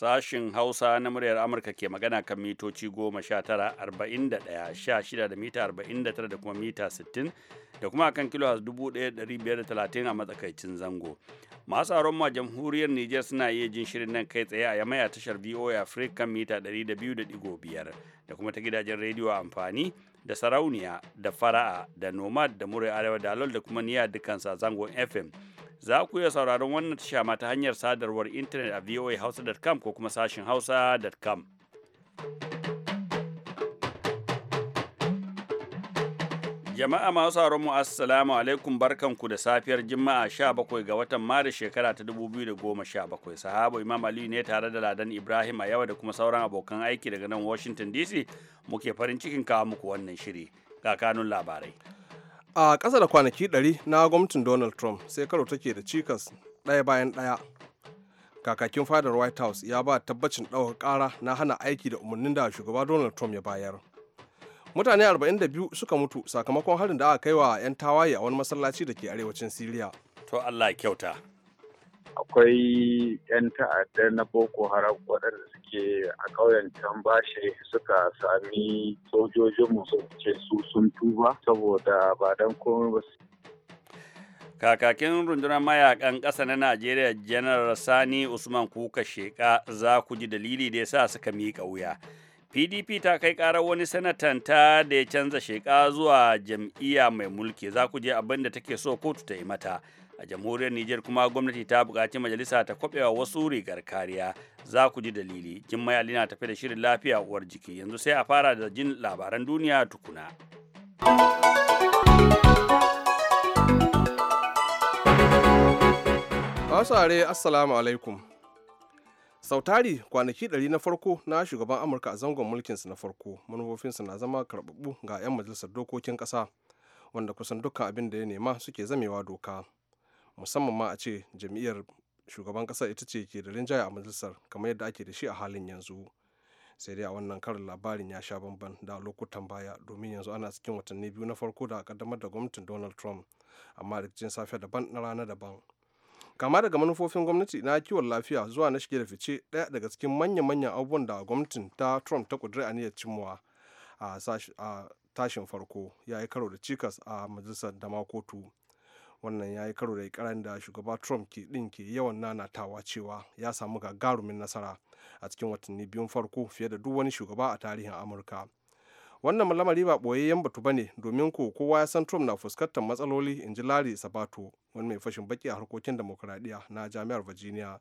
Sashin Hausa na muryar Amurka ke magana kan mitoci goma sha tara arba'in da ɗaya sha shida da mita arba'in da tara da kuma mita sittin da kuma kan kilo dubu ɗaya ɗari biyar da talatin a matsakaicin zango. masu aron ma jamhuriyar Nijar suna iya jin shirin nan kai tsaye a yamaya tashar VOA Africa mita 200.5 da kuma ta gidajen rediyo amfani da sarauniya da fara'a da nomad da murai arewa da alol da kuma niya dukansa zangon FM. Za ku iya sauraron wannan tasha ma ta hanyar sadarwar intanet a voahausa.com ko kuma sashin hausa.com. Jama'a masu sauraron mu assalamu alaikum barkanku da safiyar Juma'a 17 ga watan Maris shekara ta 2017. Sahabo Imam Ali ne tare da Ladan Ibrahim a yawa da kuma sauran abokan aiki daga nan Washington DC muke farin cikin kawo muku wannan shiri ga kanun labarai. A ƙasa da kwanaki 100 na gwamnatin Donald Trump sai karo take da cikas ɗaya bayan ɗaya. Kakakin fadar White House ya ba tabbacin ɗaukar ƙara na hana aiki da umarnin da shugaba Donald Trump ya bayar. mutane 42 suka mutu sakamakon harin da aka kai wa 'yan tawaye a wani masallaci da ke arewacin siriya to allah kyauta akwai 'yan ta'adda na boko haram waɗanda suke a ƙauyen tambashe suka sami sojojinmu su ce su sun tuba saboda ba don komai ba kakakin rundunar mayakan ƙasa na najeriya janar sani usman kuka sheka za ku ji dalili da ya sa suka miƙa wuya pdp ta kai karar wani sanatan ta da ya canza sheka zuwa jam'iyya mai mulki za ku je abin da take so kotu ta yi mata a jamhuriyar nijar kuma gwamnati ta buƙaci majalisa ta kwabewa wasu rigar kariya za ku ji dalili jin lina na tafi da shirin lafiya uwar jiki yanzu sai a fara da jin labaran duniya tukuna Asare assalamu alaikum sautari kwanaki ɗari na farko na shugaban amurka a zangon mulkinsa na farko manufofinsa na zama karɓaɓɓu ga 'yan majalisar dokokin ƙasa wanda kusan dukkan abin da ya nema suke zamewa doka musamman ma a ce jam'iyyar shugaban ƙasa ita ce ke da rinjaya a majalisar kamar yadda ake da shi a halin yanzu sai dai a wannan karin labarin ya sha bamban da lokutan baya domin yanzu ana cikin watanni biyu na farko da kaddamar da gwamnatin donald trump amma rikicin safiya daban na rana daban kama daga manufofin gwamnati na kiwon lafiya zuwa na shige da fice ɗaya daga cikin manya-manyan abubuwan da gwamnatin ta trump ta ƙudiri aniyar cimmawa a tashin farko ya yi karo da cikas a majalisar dama kotu wannan ya yi karo da ikirarin da shugaba trump ke ɗin ke yawan nanatawa cewa ya samu gagarumin nasara a cikin watanni biyun farko fiye da duk wani shugaba a tarihin amurka wannan lamari ba yan batu ba ne domin ko kowa ya san trump na fuskantar matsaloli in ji larry sabato wani mai fashin baki a harkokin demokuraɗiyya na jami'ar virginia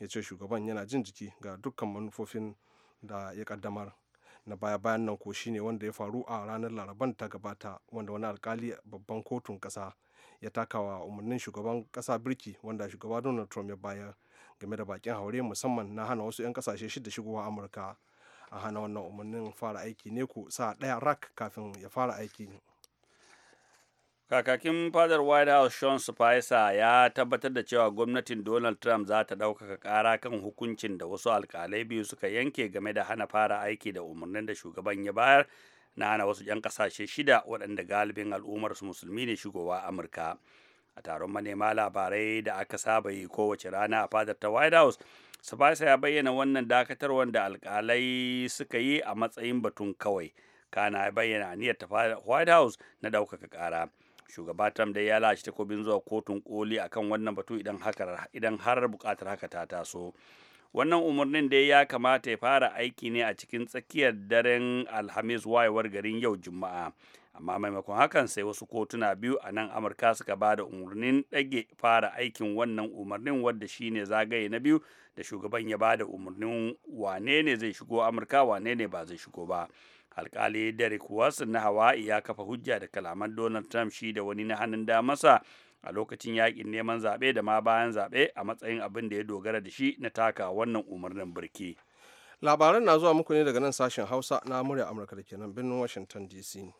ya ce shugaban yana jin jiki ga dukkan manufofin da ya kaddamar na baya bayan nan ko shi ne wanda ya faru a ranar laraban ta gabata wanda wani alkali babban kotun kasa ya takawa umarnin shugaban kasa birki wanda shugaba donald trump ya bayar game da bakin haure musamman na hana wasu 'yan kasashe shida shigowa amurka a hana wannan umarnin fara aiki ne ku sa ɗaya rak kafin ya fara aiki kakakin fadar white house sean spicer ya tabbatar da cewa gwamnatin donald trump za ta ɗaukaka ƙara kan hukuncin da wasu alkalai biyu suka yanke game da hana fara aiki da umarnin da shugaban ya bayar na hana wasu 'yan ƙasashe shida waɗanda galibin al'ummar su musulmi ne shigowa amurka a taron manema labarai da aka saba yi kowace rana a fadar ta white house Sabasa ya bayyana wannan dakatar wanda alkalai suka yi a matsayin batun kawai. Kana ya bayyana aniyar ta White House na ɗaukaka ƙara. Shugaba Trump dai ya lashe takobin zuwa kotun koli akan wannan batu idan har bukatar haka ta taso. wannan umarnin dai ya kamata ya fara aiki ne a cikin tsakiyar daren alhamis wayewar garin yau juma'a amma maimakon hakan sai wasu kotuna biyu a nan amurka suka ba da umarnin ɗage fara aikin wannan umarnin wadda shine zagaye na biyu da shugaban ya ba da umarnin wane ne zai shigo amurka wane ne ba zai shigo ba alkali derek watson na hawaii ya kafa hujja da kalaman donald trump shi da wani na hannun damasa a lokacin yakin neman zaɓe da ma bayan zaɓe a matsayin abin da ya dogara da shi na taka wannan umarnin birki labaran na zuwa muku ne daga nan sashen hausa na murya amurka da ke nan birnin washington dc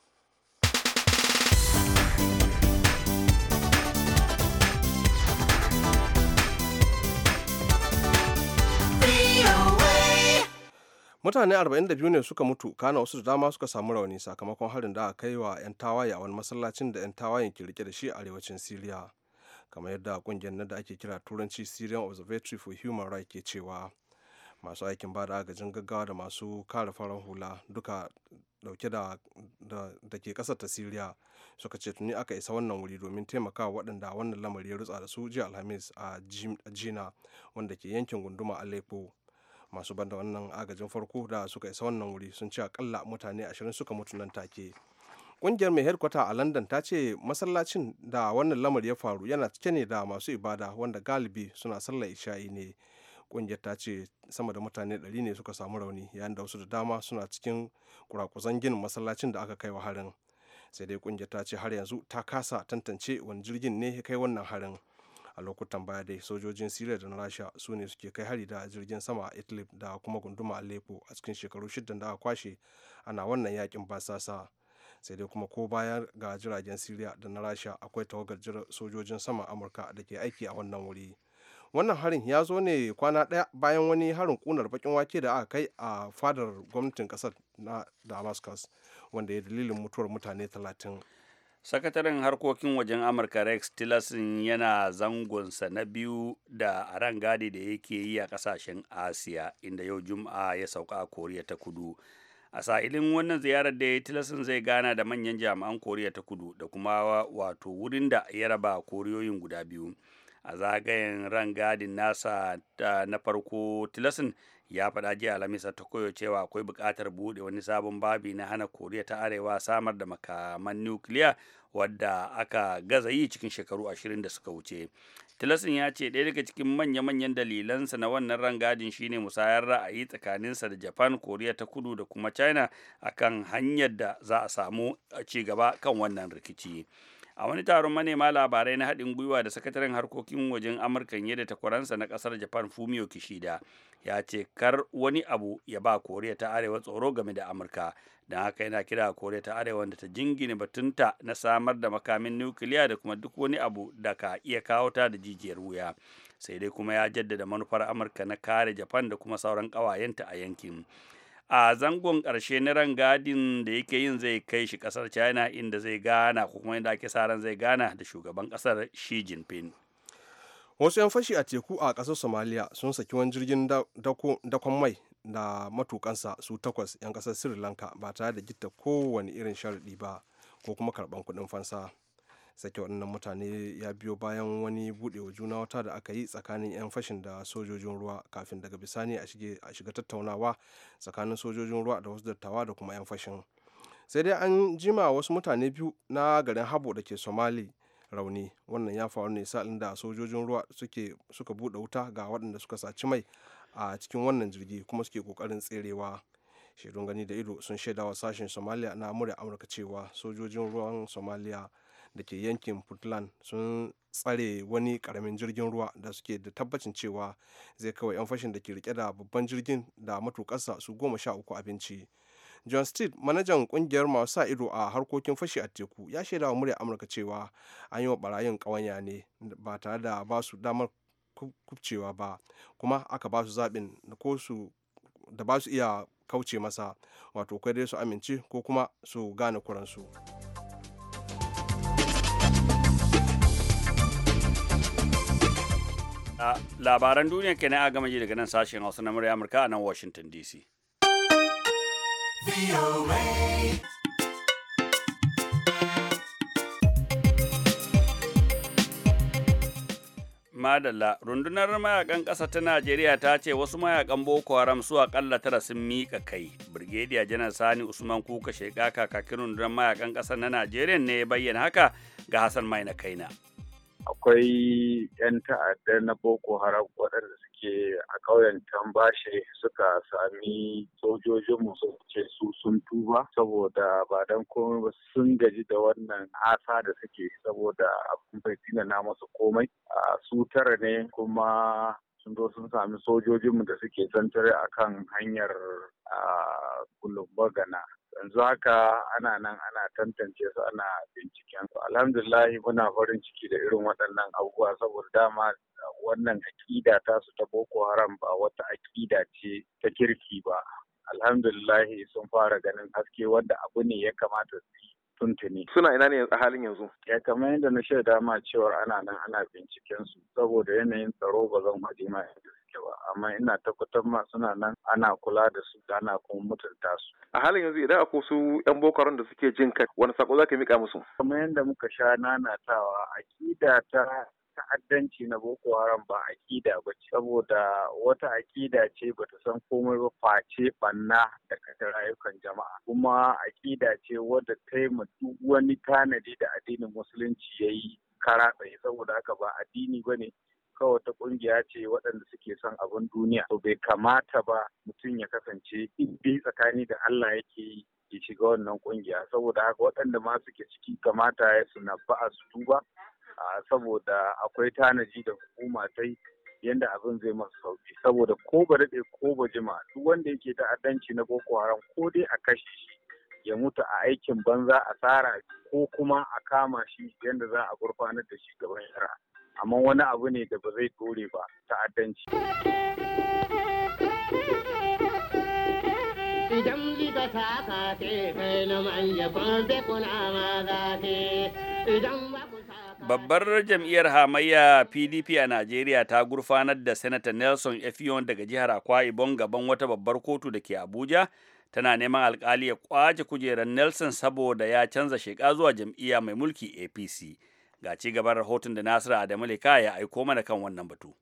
mutane 42 ne suka mutu kana wasu da dama suka samu rauni sakamakon harin da aka kai wa 'yan tawaye a wani masallacin da 'yan tawayen ke rike da shi a arewacin syria kamar yadda kungiyar nan da ake kira turanci syrian observatory for human rights ke cewa masu aikin bada agajin gaggawa da masu kare farar hula duka dauke da da ke kasar ta siriya suka ce tuni aka isa wannan wuri domin taimakawa waɗanda wannan lamari ya rutsa da su jiya alhamis a jina wanda ke yankin gunduma aleppo masu banda wannan agajin farko da suka isa wannan wuri sun ce akalla mutane ashirin suka mutu nan take kungiyar mai herkwata a london ta ce masallacin da wannan lamari ya faru yana cike ne da masu ibada wanda galibi suna sallar isha'i ne kungiyar ta ce sama da mutane 100 ne suka samu rauni yayin da wasu da dama suna cikin kurakuzan ginin masallacin da aka kai wa harin sai dai kungiyar ta ce har yanzu ta kasa tantance wani jirgin ne ya kai wannan harin a lokutan baya dai sojojin siriya da na rasha su ne suke kai hari da jirgin sama a idlib da kuma gunduma aleppo a cikin shekaru shidda da aka kwashe ana wannan yakin basasa sai dai kuma ko baya ga jiragen siriya da na rasha akwai tawagar sojojin sama amurka da ke aiki a wannan wuri wannan harin ya zo ne kwana ɗaya bayan wani harin kunar bakin wake da aka kai a fadar gwamnatin kasar na damascus wanda ya dalilin mutuwar mutane 30. sakataren harkokin wajen amurka rex tillerson yana zangonsa na biyu da aran gadi da yake yi a kasashen asiya inda yau juma'a ya sauka a koriya ta kudu a sa'ilin wannan ziyarar da ya tillerson zai gana da manyan jami'an koriya ta kudu da kuma wato wurin da ya raba koriyoyin guda biyu a zagayen rangadin nasa na farko tilasin ya faɗa jiya alhamis ta koyo cewa akwai buƙatar buɗe wani sabon babi na hana koriya ta arewa samar da makaman nukiliya wadda aka gaza yi cikin shekaru ashirin da suka wuce tilasin ya ce ɗaya daga cikin manya-manyan dalilansa na wannan rangadin shine musayar ra'ayi tsakaninsa da japan koriya ta kudu da kuma china akan hanyar da za a samu ci gaba kan wannan rikici a wani taron manema labarai na haɗin gwiwa da sakataren harkokin wajen amurka ya da takwaransa na ƙasar japan fumio kishida ya ce kar wani abu ya ba koriya ta arewa tsoro game da amurka don haka yana kira koriya ta arewa da ta jingine batunta na samar da makamin nukiliya da kuma duk wani abu da ka iya kawo ta da jijiyar wuya sai dai kuma ya jaddada manufar amurka na kare japan da kuma sauran ƙawayenta a yankin a zangon ƙarshe na rangadin da yake yin zai kai shi ƙasar china inda zai gana ko kuma inda ake sa ran zai gana da shugaban ƙasar shi jinping wasu 'yan fashi a teku a ƙasar somaliya sun saki wani jirgin dakon mai da matukansa su takwas 'yan ƙasar sri lanka ba tare da gitta kowane irin sharaɗi ba ko kuma karɓan kuɗin fansa sake waɗannan mutane ya biyo bayan wani buɗewa juna wata da aka yi tsakanin 'yan fashin da sojojin ruwa kafin daga bisani a shiga tattaunawa tsakanin sojojin ruwa da wasu dattawa da kuma 'yan fashin sai dai an jima wasu mutane biyu na garin habo da ke somali rauni wannan ya faru ne sa'ilin da sojojin ruwa suka buɗe wuta ga waɗanda suka saci mai a cikin wannan jirgi kuma suke kokarin tserewa shaidun gani da ido sun shaidawa sashen somaliya na murya amurka cewa sojojin ruwan somaliya da ke yankin puntland sun tsare wani karamin jirgin ruwa da suke da tabbacin cewa zai kawai 'yan fashin da ke rike da babban jirgin da matukarsa su goma sha uku abinci john street manajan kungiyar masu sa ido a harkokin fashi a teku ya shaida wa murya amurka cewa an yi wa barayin kawanya ne ba tare da ba su damar kubcewa ba kuma aka ba su zaɓin da ba su iya kauce masa wato kai dai su amince ko kuma su gane kuransu. labaran duniya kenan a gama ji daga nan sashen Hausa na murya Amurka a nan Washington DC. Madalla, rundunar mayakan ƙasa ta Najeriya ta ce wasu mayakan Boko Haram su aƙalla tara sun miƙa kai. Birgediya Janar Sani Usman Kuka sheka kakakin rundunar mayakan ƙasa na Najeriya ne ya bayyana haka ga Hassan Mai na kaina. akwai 'yan ta'adda na boko haram waɗanda suke a ƙauyen tambashe suka sami sojojinmu su ce su sun tuba saboda ba don komai ba sun gaji da wannan asa da suke saboda abin bai na masu komai su tara ne kuma sun zo sun sami sojojinmu da suke santare a kan hanyar gana. yanzu haka ana nan ana tantance su ana binciken su alhamdulillahi muna farin ciki da irin waɗannan abubuwa saboda dama wannan aƙida ta su ta boko haram ba wata aƙida ce ta kirki ba alhamdulillahi sun fara ganin haske wanda abu ne ya kamata su yi tuntuni. Suna ina ne a halin yanzu? Ya eh, kamar yadda na shaida ma cewar ana nan ana binciken su saboda yanayin tsaro ba zan haɗe ma suke ba amma ina tabbatar ma suna nan ana kula da su da ana kuma mutunta su a halin yanzu idan akwai su yan bokaron da suke jin kai wani sako zaka mika musu kamar yadda muka sha nanatawa akida ta ta'addanci na Boko Haram ba akida ba ce saboda wata akida ce ba ta san komai ba face banna da kashe rayukan jama'a kuma akida ce wadda ta yi wani tanadi da addinin musulunci ya yi kara tsaye saboda haka ba addini ba ne kawai wata kungiya ce waɗanda suke son abin duniya to bai kamata ba mutum ya kasance bi tsakani da Allah yake yi ya shiga wannan kungiya saboda haka waɗanda ma suke ciki kamata ya su ba a su duba. saboda akwai tanaji da hukuma ta yi yadda abin zai masu sauki saboda ko ba daɗe ko ba jima duk wanda yake ta'addanci na boko haram ko dai a kashe shi ya mutu a aikin banza a asara ko kuma a kama shi yadda za a gurfanar da shi gaban shari'a amma wani abu ne da ba zai dore ba ta'addanci. Idan ta Babbar jam'iyyar hamayya PDP a Najeriya ta gurfanar da Sanata Nelson Effion daga jihar Akwa Ibom gaban wata babbar kotu da ke Abuja tana neman alkali ya kwace kujerar Nelson saboda ya canza sheka zuwa jam'iyya mai mulki APC. ga ci gaban rahoton da nasiru adamu ya aiko mana kan wannan batu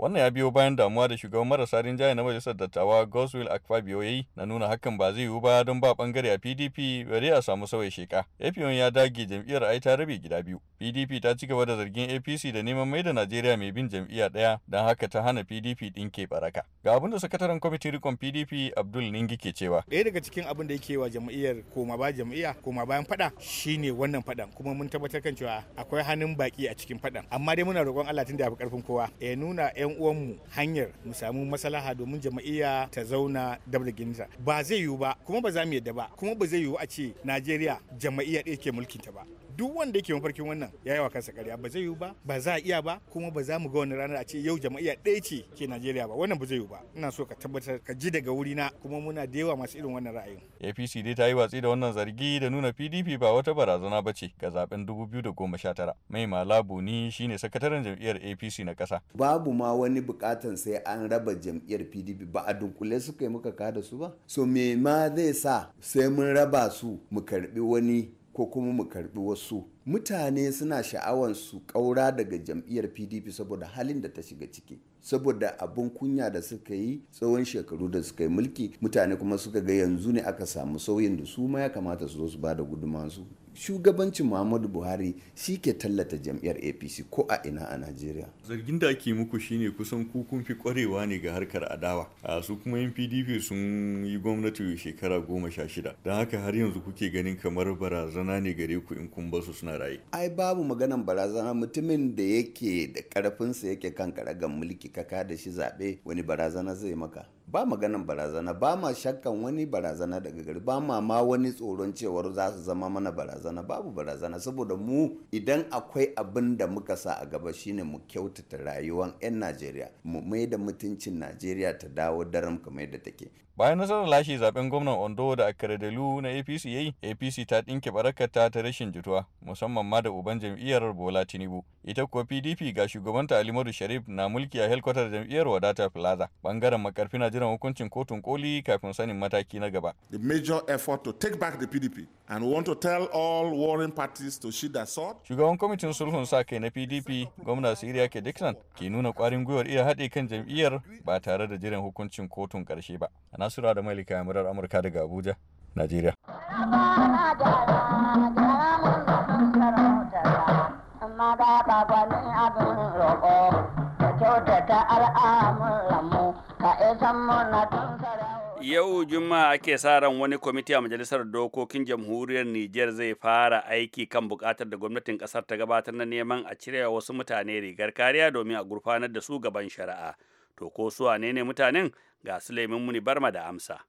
Wannan ya biyo bayan damuwa da shugaban marasa rinjaye na majalisar dattawa Goswill Akpabio ya yi na nuna hakan ba zai yiwu ba don ba bangare a PDP bare a samu sauya sheka. APN ya dage jam'iyyar ai ta rabe gida biyu. PDP ta ci gaba da zargin APC da neman mai da Najeriya mai bin jam'iyya ɗaya don haka ta hana PDP ɗin ke baraka. Ga abinda da sakataren kwamitin rikon PDP Abdul Ningi ke cewa. Ɗaya daga cikin abin da yake wa jam'iyyar koma ba jam'iyya koma bayan faɗa shine wannan faɗan kuma mun tabbatar kan cewa akwai hannun baki a cikin faɗan. Amma dai muna roƙon Allah tun da ya fi ƙarfin kowa ya nuna 'yan uwanmu hanyar mu samu maslaha domin jama'iyya ta zauna dabda ginta ba zai yiwu ba kuma ba za mu yadda ba kuma ba zai yiwu a ce najeriya jama'iyya ɗaya ke mulkinta ba duk wanda yake mafarkin wannan ya yi wa kansa karya ba zai yiwu ba ba za a iya ba kuma ba za mu ga wani ranar a ce yau jama'a ɗaya ce ke najeriya ba wannan ba zai yiwu ba ina so ka tabbatar ka ji daga wuri na kuma muna da yawa masu irin wannan ra'ayin apc dai ta yi watsi da wannan zargi da nuna pdp ba wata barazana ba ce ga zaben 2019 mai malabu ni shine sakataren jam'iyyar apc na kasa. babu ma wani bukatan sai an raba jam'iyyar pdp ba a dunkule suka yi muka kada su ba so me ma zai sa sai mun raba su mu karbi wani ko kuma mu karbi wasu mutane suna sha'awar su ƙaura daga jam'iyyar pdp saboda halin da ta shiga ciki saboda abin kunya da suka yi tsawon shekaru da suka yi mulki mutane kuma suka ga yanzu ne aka samu sauyin da su ma ya kamata su zo su ba da su shugabancin muhammadu buhari shi ke tallata jam'iyyar apc ko a ina a najeriya zargin da ake muku shine kusan ku fi kwarewa ne ga harkar adawa a su kuma yin pdp sun yi gwamnati shekara goma sha shida don haka har yanzu kuke ganin kamar barazana ne gare ku in kun basu suna raye ai babu maganan barazana mutumin da yake da karfinsa yake kan karagan mulki ka da shi zaɓe wani barazana zai maka ba maganan barazana ba ma shakkan wani barazana daga gari ba ma ma wani tsoron cewar za su zama mana barazana babu barazana saboda mu idan akwai abin da muka sa a gaba shine mu kyautata rayuwar 'yan najeriya mu mai da mutuncin najeriya ta dawo daren kamar yadda take bayan nasarar lashe zaben gwamnan ondo da akaradalu na apc yayi apc ta ɗinke barakata ta rashin jituwa musamman ma da uban jam'iyyar bola tinubu ita kuwa pdp ga shugabanta alimadu sharif na mulki a helkwatar jam'iyyar wadata plaza bangaren makarfi na jiran hukuncin kotun koli kafin sanin mataki na gaba the major effort to take back the pdp and we want to tell all warring parties to shoot their sword shugaban kwamitin sulhun sa kai na pdp gwamna siriya ke dixon ke nuna kwarin gwiwar iya haɗe kan jam'iyyar ba tare da jiran hukuncin kotun karshe ba a nasura da malika ya murar amurka daga abuja najeriya Yau Juma'a ake sa ran wani kwamiti a Majalisar Dokokin Jamhuriyar Nijar zai fara aiki kan bukatar da gwamnatin kasar ta gabatar na neman a cire wasu mutane rigar kariya domin a gurfanar da su gaban shari'a. To ko su ne ne mutanen Ga Suleiman Muni Barma da amsa.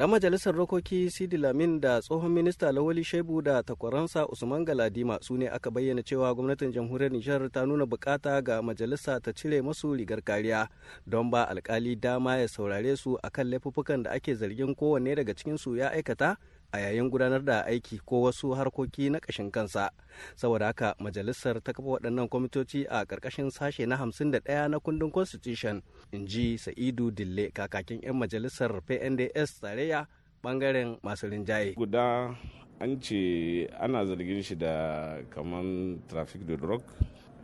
'yan majalisar rokoki Sidi Lamin da tsohon minista Lawali Shebu da takwaransa Usman Galadima su ne aka bayyana cewa gwamnatin jamhuriyar Nijar ta nuna bukata ga majalisa ta cire masu rigar kariya don ba alkali dama ya saurare su akan laifuffukan da ake zargin kowanne daga cikinsu ya aikata a yayin gudanar da aiki ko wasu harkoki na ƙashin kansa saboda haka majalisar ta kafa waɗannan kwamitoci a ƙarƙashin sashe na 51 na kundin constitution in ji sa'idu dille kakakin 'yan majalisar pnds tarayya ɓangaren masu rinjaye guda an ce ana zargin shi da kaman traffic da drug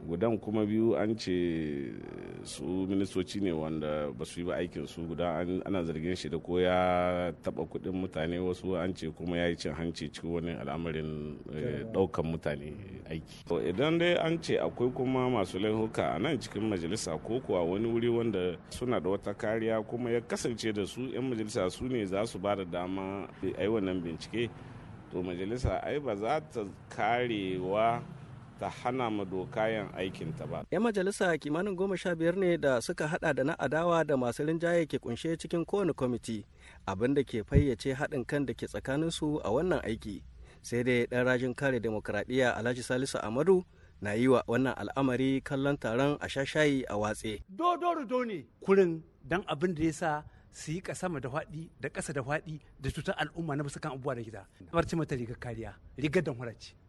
gudan kuma biyu an ce su ministoci ne wanda ba su yi ba aikin su guda ana zargin shi da ko ya taba kudin mutane wasu an ce kuma ya yi cin hanci cikin wani al'amarin daukan eh, mutane aiki idan dai an ce akwai kuma masu laihuka a nan cikin majalisa ko kuwa wani wuri wanda suna da wata kariya kuma ya kasance da su 'yan majalisa su ne za su ba da dama a yi wannan bincike to majalisa ai ba za ta karewa ta hana ma aikin aikinta ba. 'Yan majalisa kimanin goma sha biyar ne da suka hada da na adawa da masu rinjaye ke kunshe cikin kowane kwamiti abin da ke fayyace haɗin kan da ke tsakaninsu a wannan aiki. Sai dai ɗan rajin kare demokradiyya Alhaji Salisu Amadu na yi wa wannan al'amari kallon taron a shashayi a watse. Dodo ne kurin dan abin da ya sa su yi sama da faɗi da ƙasa da faɗi da cutar al'umma na basu kan abubuwa da gida. Kamar ce mata rigar kariya, rigar dan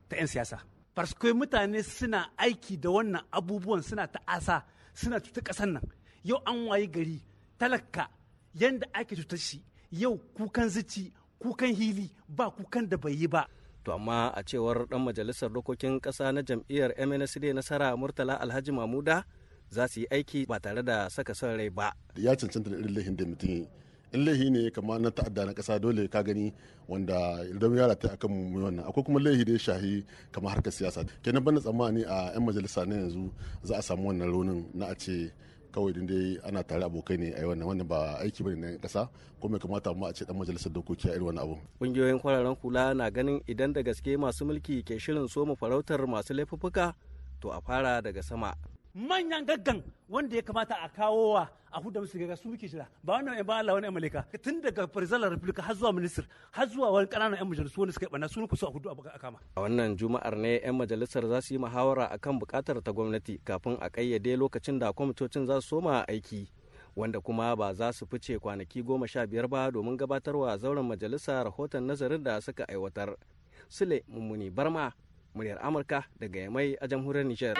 ta 'yan siyasa. Farskoi mutane suna aiki da wannan abubuwan suna ta'asa suna cuta ƙasar nan. Yau an wayi gari talaka yadda ake cutar shi yau kukan zici kukan hili ba kukan da bai yi ba. To amma a cewar dan majalisar dokokin ƙasa na jam'iyyar MNSD nasara Murtala Alhaji Mamuda za su yi aiki ba tare da saka son rai ba. Ya cancanta da irin laifin da mutum in laihi ne kama na ta'adda na kasa dole ka gani wanda idan yara ta akan mu wannan akwai kuma laihi da ya shahi kamar harkar siyasa kenan bana tsammani a yan majalisa na yanzu za a samu wannan raunin na a ce kawai din dai ana tare abokai ne a yi wannan wannan ba aiki bane na kasa ko mai kamata mu a ce dan majalisar dokoki a irin wannan abu kungiyoyin kwararren kula na ganin idan da gaske masu mulki ke shirin soma farautar masu laifuffuka to a fara daga sama manyan gaggan wanda ya kamata a kawo wa a huda musu gaga su muke jira ba wannan ba Allah wani amalika tun daga farzalar republika har zuwa minister har zuwa wani kananan yan majalisu wanda suka bana su ku su a hudu a kama a wannan juma'ar ne yan majalisar za su yi muhawara akan bukatar ta gwamnati kafin a kayyade lokacin da kwamitocin za su soma aiki wanda kuma ba za su fice kwanaki goma sha biyar ba domin gabatarwa zauren majalisa rahoton nazarin da suka aiwatar sule mummuni barma muryar amurka daga yamai a jamhuriyar nijar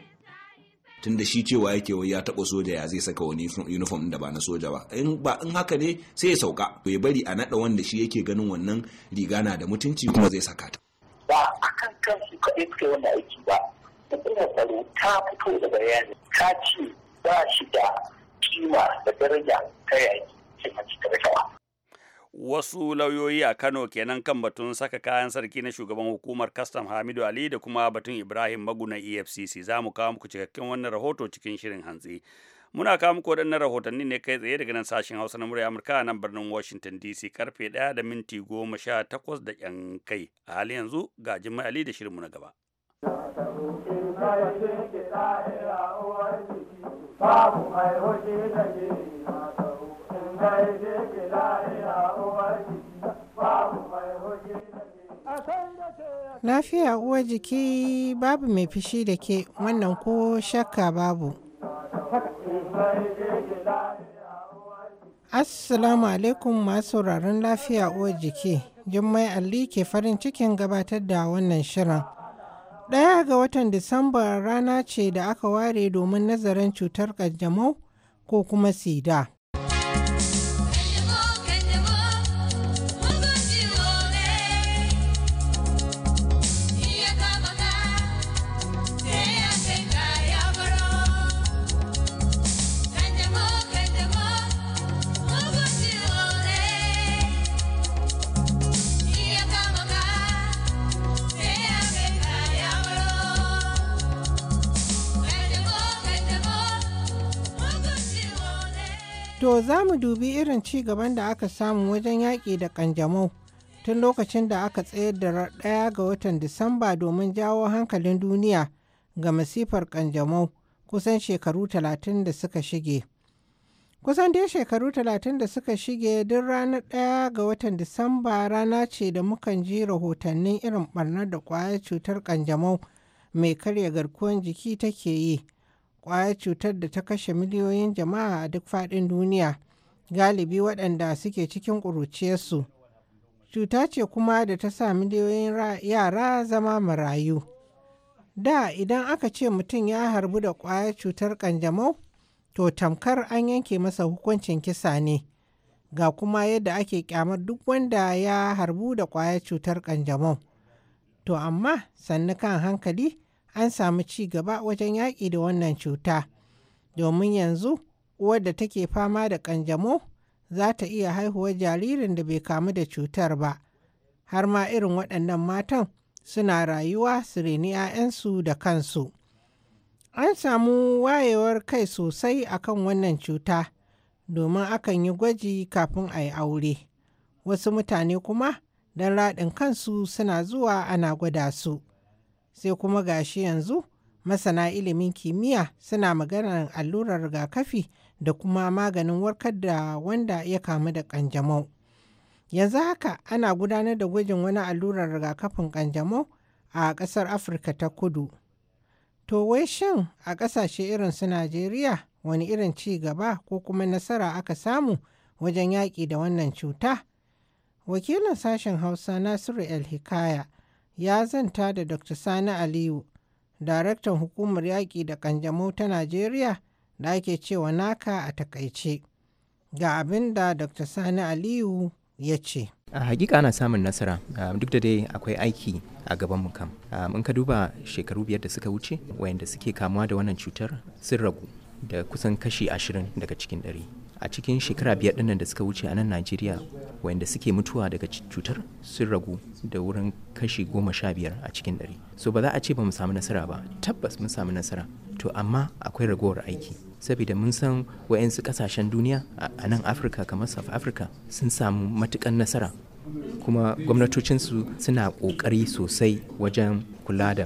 tun da shi cewa yake wai ya taɓa soja ya zai saka wani uniform da ba na soja ba in ba in haka ne sai ya sauka bai bari a naɗa wanda shi yake ganin wannan riga na da mutunci kuma zai saka ta. ba a kan kan kaɗai suka yi wannan aiki ba hukumar tsaro ta fito da bayani ta ce ba shi da kima da daraja ta yaki sai a cikin wasu lauyoyi a kano kenan kan batun saka kayan sarki na shugaban hukumar kastam hamidu ali da kuma batun ibrahim maguna efcc za mu kawo muku cikakken wannan rahoto cikin shirin hantsi muna kawo muku waɗannan rahotanni ne kai tsaye daga nan sashen hausa na murya amurka a nan birnin washington dc karfe ɗaya da minti goma sha takwas da yan kai a halin yanzu ga jimai ali da shirin mu na gaba babu mai hoji da Lafiya uwar jiki babu mai fishi da ke wannan ko shakka babu. Assalamu alaikum masu sauraron lafiya uwar jiki. Jummai Ali ke farin cikin gabatar da wannan shirin. Ɗaya ga watan Disamba rana ce da aka ware domin nazarin cutar ƙanjamau ko kuma sida. To za mu dubi irin ci gaban da aka samu wajen yaƙi da ƙanjamau tun lokacin da aka tsayar da ɗaya ga watan Disamba domin jawo hankalin duniya ga masifar ƙanjamau kusan shekaru talatin da suka shige. Kusan dai shekaru talatin da suka shige duk ranar ɗaya ga watan Disamba rana ce da mukan ji rahotannin irin ɓarnar da ƙwayar cutar ƙanjamau mai karya garkuwar jiki take yi. kwayar cutar da ta kashe miliyoyin jama'a a duk faɗin duniya galibi waɗanda suke cikin ƙuruciyarsu cuta ce kuma da ta sa miliyoyin yara zama marayu da idan aka ce mutum ya harbu da ƙwayar cutar ƙanjamau to tamkar an yanke masa hukuncin kisa ne ga kuma yadda ake kyamar duk wanda ya harbu da ƙwayar cutar ƙanjamau to amma sannu kan hankali an samu ci gaba wajen yaƙi da wannan cuta domin yanzu uwar da take fama da ƙanjamo za ta iya haihuwar jaririn da bai kamu da cutar ba har ma irin waɗannan matan suna rayuwa su reni 'ya'yansu da kansu an samu wayewar kai sosai akan wannan cuta domin akan yi gwaji kafin a yi aure wasu mutane kuma don raɗin kansu suna zuwa ana gwada su sai kuma gashi yanzu masana ilimin kimiyya suna maganar allurar rigakafi da kuma maganin warkar da wanda ya kamu da kanjamau. Yanzu haka ana gudanar da gwajin wani allurar rigakafin kanjamau a ƙasar Afirka ta kudu. To wai shin a ƙasashe irin su Najeriya wani irin ci gaba ko kuma nasara aka samu wajen yaƙi da wannan cuta? Wakilin sashen Hausa Nasiru El Hikaya ya zanta da Dr. Sani Aliyu, daraktan hukumar yaƙi da ƙanjamau ta Najeriya da ake cewa naka a takaice. Ga abin da Dr. Sani Aliyu ya ce. a hakika ana samun nasara duk da dai akwai aiki a gaban mu kam in ka duba shekaru biyar da suka wuce wayanda suke kamuwa da wannan cutar sun ragu da kusan kashi ashirin daga cikin ɗari a cikin shekara biyar dinnan da suka wuce a nan najeriya wayanda suke mutuwa daga cutar sun ragu da wurin kashi goma sha biyar a cikin ɗari so ba za a ce ba mu samu nasara ba tabbas mun samu nasara to amma akwai ragowar aiki saboda mun san wayansu ƙasashen duniya a nan afirka kamar south africa sun samu matukan nasara kuma gwamnatocinsu suna ƙoƙari sosai wajen kula da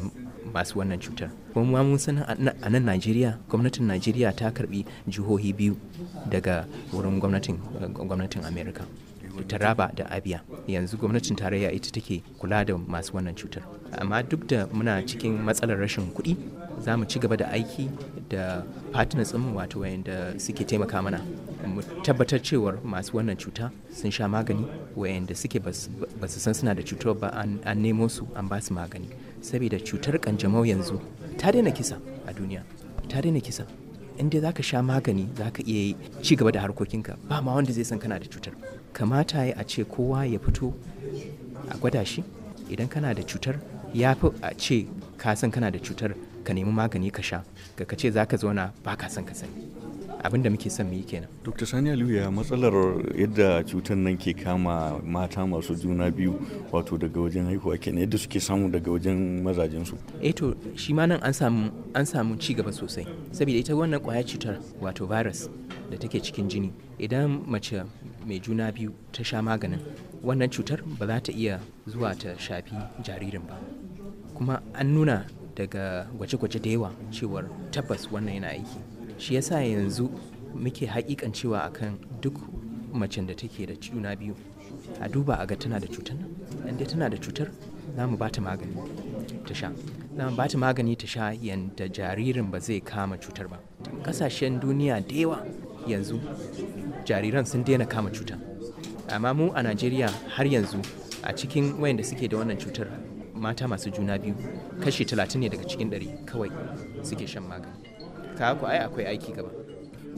masu wannan cutar kuma mun san a nan najeriya gwamnatin najeriya ta karbi jihohi biyu daga wurin gwamnatin america Raba da abia yanzu gwamnatin tarayya ita take kula da masu wannan cutar amma duk da muna cikin matsalar rashin kuɗi za mu ci gaba da aiki da partners mu wato wayanda suke taimaka mana mu tabbatar cewar masu wannan cuta sun sha magani wayanda suke basu san suna da cutar ba an nemo su an ba su magani saboda cutar kanjamau yanzu ta daina kisa a duniya ta daina kisa Inda za ka sha magani za ka iya ci gaba da harkokinka ba ma wanda zai san kana da cutar kamata ya a ce kowa ya fito a gwada shi idan kana da cutar ya fi a ce ka san kana da cutar ka nemi magani ka sha ka ce za ka zauna ba ka san ka sani abin da muke son mu yi kenan. Dr. Sani Aliyu ya matsalar yadda cutar nan ke kama mata masu juna biyu wato daga wajen haihuwa kenan yadda suke samu daga wajen mazajen su. Eh to shi ma nan an samu an samu ci gaba sosai saboda ita wannan kwaya cutar wato virus da take cikin jini idan mace mai juna biyu ta sha maganin wannan cutar ba za ta iya zuwa ta shafi jaririn ba kuma an nuna daga gwaje-gwaje da yawa cewar tabbas wannan yana aiki shi yasa yanzu muke a akan duk macen da take da juna biyu a duba a ga tana da cutar nan dai tana da cutar za mu ba ta magani ta sha za mu ba ta magani ta sha yadda jaririn ba zai kama cutar ba kasashen duniya da yawa yanzu jariran sun daina kama cutar amma mu a najeriya har yanzu a cikin wayanda suke da wannan cutar mata masu juna biyu kashi talatin ne daga cikin 100 kawai suke shan magani ta ku ai akwai aiki gaba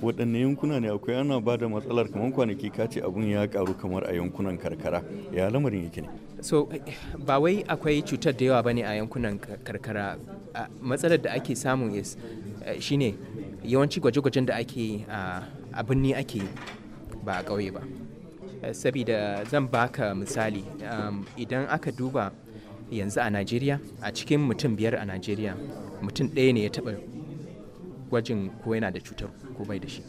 waɗanne yankuna ne akwai ana ba da matsalar kamar kwanaki ka ce abun ya karu kamar a yankunan karkara ya lamarin yake ne so ba wai akwai cutar da yawa bane a yankunan karkara matsalar da ake samu is eh, shine yawanci gwaje-gwajen da ake a birni ake ba a ƙauye ba eh, sabida zan baka misali um, idan aka duba yanzu a najeriya a cikin mutum biyar a najeriya mutum ɗaya ne ya taɓa gwajin ko yana da cutar ko bai da shi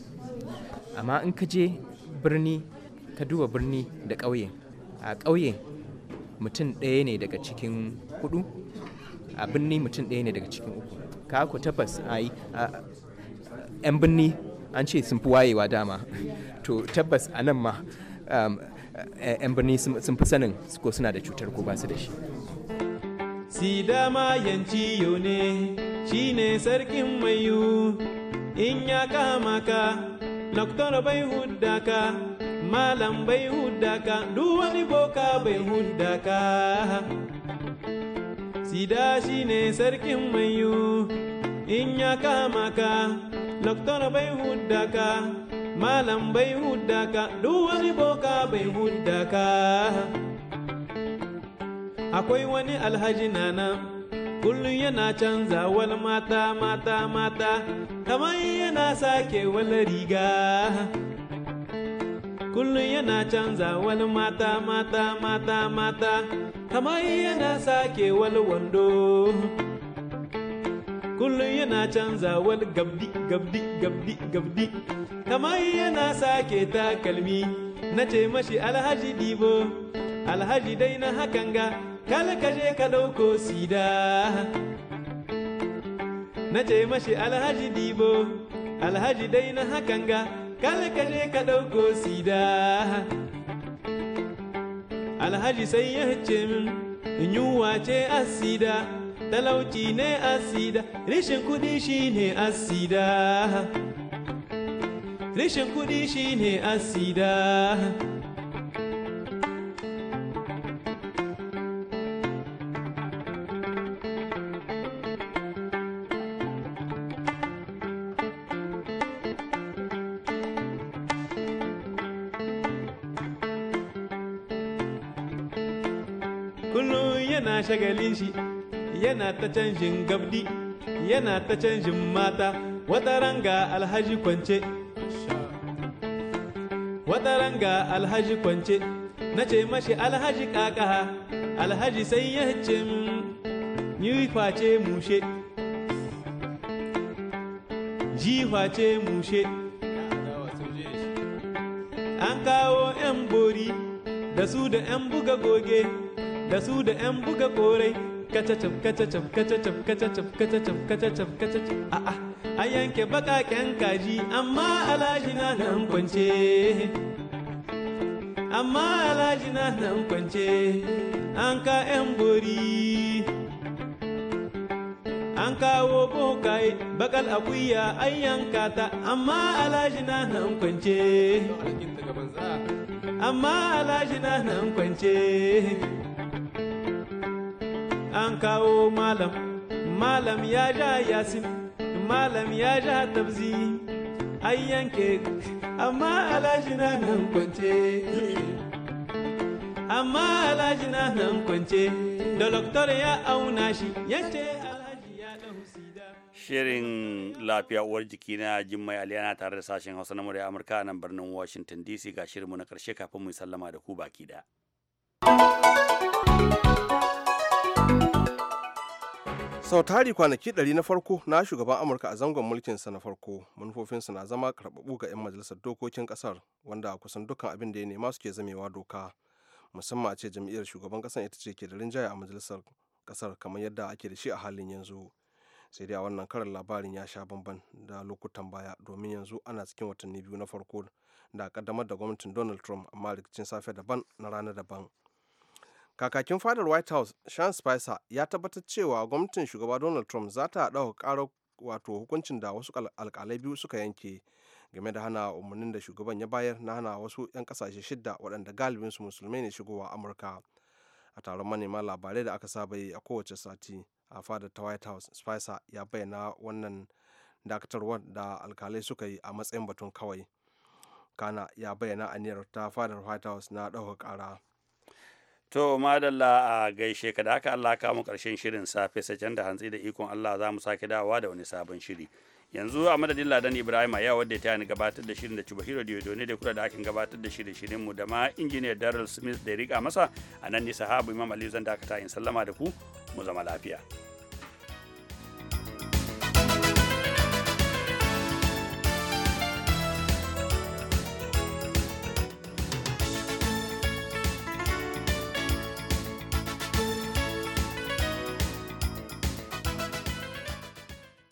amma in ka je birni ka duba birni da ƙauye a ƙauye mutum ɗaya ne daga cikin hudu a birni mutum ɗaya ne daga cikin uku ka ku tabbas a yi yan birni an ce sun fi wayewa dama to tabbas a nan ma um, yan birni sun fi sanin ko suna da cutar ko ba su da shi sida yanci yau ne shine sarkin mayu in ya kama ka doktor bai hudda ka malam bai hudda ka boka bai hudda ka sida shine sarkin mayu in ya kama ka doktor bai hudda ka malam bai hudda ka boka bai hudda ka akwai wani alhaji nana kullum yana canza wal mata mata mata kamar yana sake wal riga kullum yana canza wal mata mata mata mata kamar yana sake wal wando kullum yana canza wal gabdi gabdi gabdi gabdi kamar yana sake takalmi na ce mashi alhaji dibo alhaji dai na hakan ga kala kaje ka ɗauko sida na ce mashi alhaji dibo alhaji dai na hakan ga kala ka ka ɗauko sida alhaji sai ya ce min yunwa ce asida talauci ne asida rishin kuɗi shi ne asida rishin kuɗi shi ne asida ta canjin gabdi yana ta canjin mata wata ranga alhaji kwance wata ranga alhaji kwance na ce mashi alhaji kakaha alhaji sai ya ce yi face mushe ji face mushe an kawo 'yan bori da su da 'yan buga goge da su da 'yan buga korai a'a a yanke bakaken kaji amma alhaji na nan kwance amma alhaji na nan kwance an ka yan bori an kawo bokaye bakal akuya an yanka ta amma alhaji na nan kwance amma alhaji na nan kwance an kawo malam malam ya ja yasin malam ya ja tabzi an yanke amma alhaji na nan kwance amma alhaji na nan kwance da doktor ya auna shi yace alhaji ya da husida shirin lafiya uwar jiki na jimmai aliyana tare da sashen hausa na murya amurka a nan birnin washington dc ga shirinmu na karshe kafin mu sallama da ku baki da sau tari kwanaki ɗari na farko na shugaban amurka a zangon mulkinsa na farko manufofinsa na zama karbabu ga 'yan majalisar dokokin kasar wanda kusan dukkan abin da ya nema suke zamewa doka musamman a ce jam'iyyar shugaban kasar ita ce ke da rinjaye a majalisar kasar kamar yadda ake da shi a halin yanzu sai dai a wannan karin labarin ya sha bamban da lokutan baya domin yanzu ana cikin watanni biyu na farko da kaddamar da gwamnatin donald trump amma rikicin safe daban na rana daban kakakin fadar white house sean spicer ya tabbatar cewa gwamnatin shugaba donald trump za ta ɗauka ƙarar wato hukuncin da wasu alkalai biyu suka yanke game da hana umarnin da shugaban ya bayar na hana wasu 'yan kasashe shidda waɗanda galibin su musulmai ne shigowa amurka a taron manema labarai da aka saba yi a kowace sati a fadar ta white house spicer ya bayyana wannan dakatarwar da alkalai suka yi a matsayin batun kawai kana ya bayyana aniyar ta fadar white house na ɗaukar ƙara To madalla a gaishe ka da haka Allah ka mu karshen shirin safe sacen da hantsi da ikon Allah za mu sake dawowa da wani sabon shiri. Yanzu a madadin Ladan Ibrahim a wadda ta ni gabatar da shirin da Chubahiro da ne da kula da hakin gabatar da shirin shirin mu da ma injiniyar Daryl Smith da ya rika masa a nan nisa sahabu Imam Aliyu zan dakata in sallama da ku mu zama lafiya.